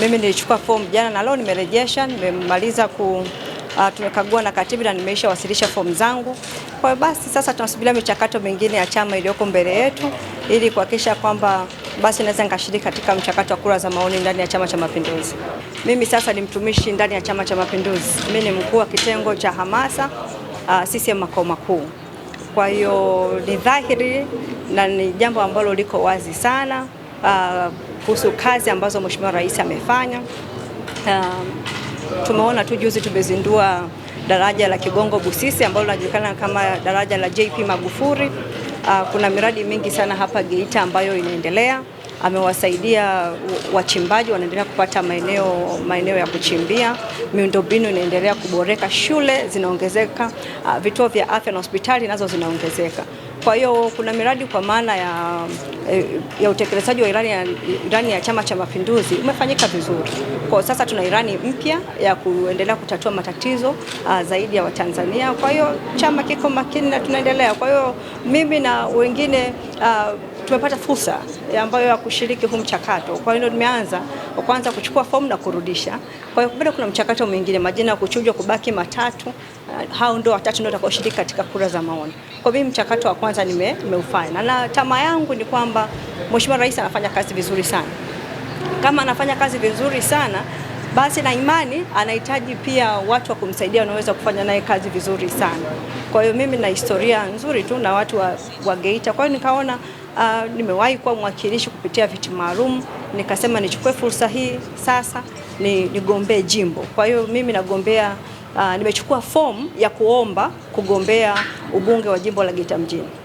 Mimi nilichukua fomu jana na leo nimerejesha, nimemaliza ku Uh, tumekagua na katibu na nimeisha wasilisha fomu zangu. Kwa hiyo basi sasa tunasubiria michakato mingine ya chama iliyoko mbele yetu ili kuhakikisha kwamba basi naweza nikashiriki katika mchakato wa kura za maoni ndani ya Chama cha Mapinduzi. Mimi sasa ni mtumishi ndani ya Chama cha Mapinduzi. Mimi ni mkuu wa kitengo cha hamasa uh, ah, CCM makao makuu. Kwa hiyo ni dhahiri na ni jambo ambalo liko wazi sana uh, kuhusu kazi ambazo Mheshimiwa Rais amefanya. Uh, tumeona tu juzi tumezindua daraja la Kigongo Busisi ambalo linajulikana kama daraja la JP Magufuli. Uh, kuna miradi mingi sana hapa Geita ambayo inaendelea. Amewasaidia wachimbaji wanaendelea kupata maeneo maeneo ya kuchimbia. Miundombinu inaendelea kuboreka, shule zinaongezeka, uh, vituo vya afya na hospitali nazo zinaongezeka. Kwa hiyo kuna miradi kwa maana ya, eh, ya utekelezaji wa ilani ya, ilani ya Chama cha Mapinduzi umefanyika vizuri. Kwa sasa tuna ilani mpya ya kuendelea kutatua matatizo uh, zaidi ya Watanzania. Kwa hiyo chama kiko makini na tunaendelea. Kwa hiyo mimi na wengine uh, tumepata fursa ambayo ya kushiriki huu mchakato. Kwa hiyo tumeanza kwanza kuchukua fomu na kurudisha. Kwa hiyo bado kuna mchakato mwingine, majina ya kuchujwa kubaki matatu. Uh, hao ndio watatu ndio watakaoshiriki katika kura za maoni. Kwa mimi mchakato wa kwanza nimeufanya, na tamaa yangu ni kwamba Mheshimiwa Rais anafanya kazi vizuri sana. Kama anafanya kazi vizuri sana basi na imani anahitaji pia watu wa kumsaidia wanaweza kufanya naye kazi vizuri sana. Kwa hiyo mimi na historia nzuri tu na watu wa, wa Geita. Kwa hiyo nikaona uh, nimewahi kuwa mwakilishi kupitia viti maalum, nikasema nichukue fursa hii sasa ni, nigombee jimbo. Kwa hiyo mimi nagombea uh, nimechukua fomu ya kuomba kugombea ubunge wa jimbo la Geita mjini.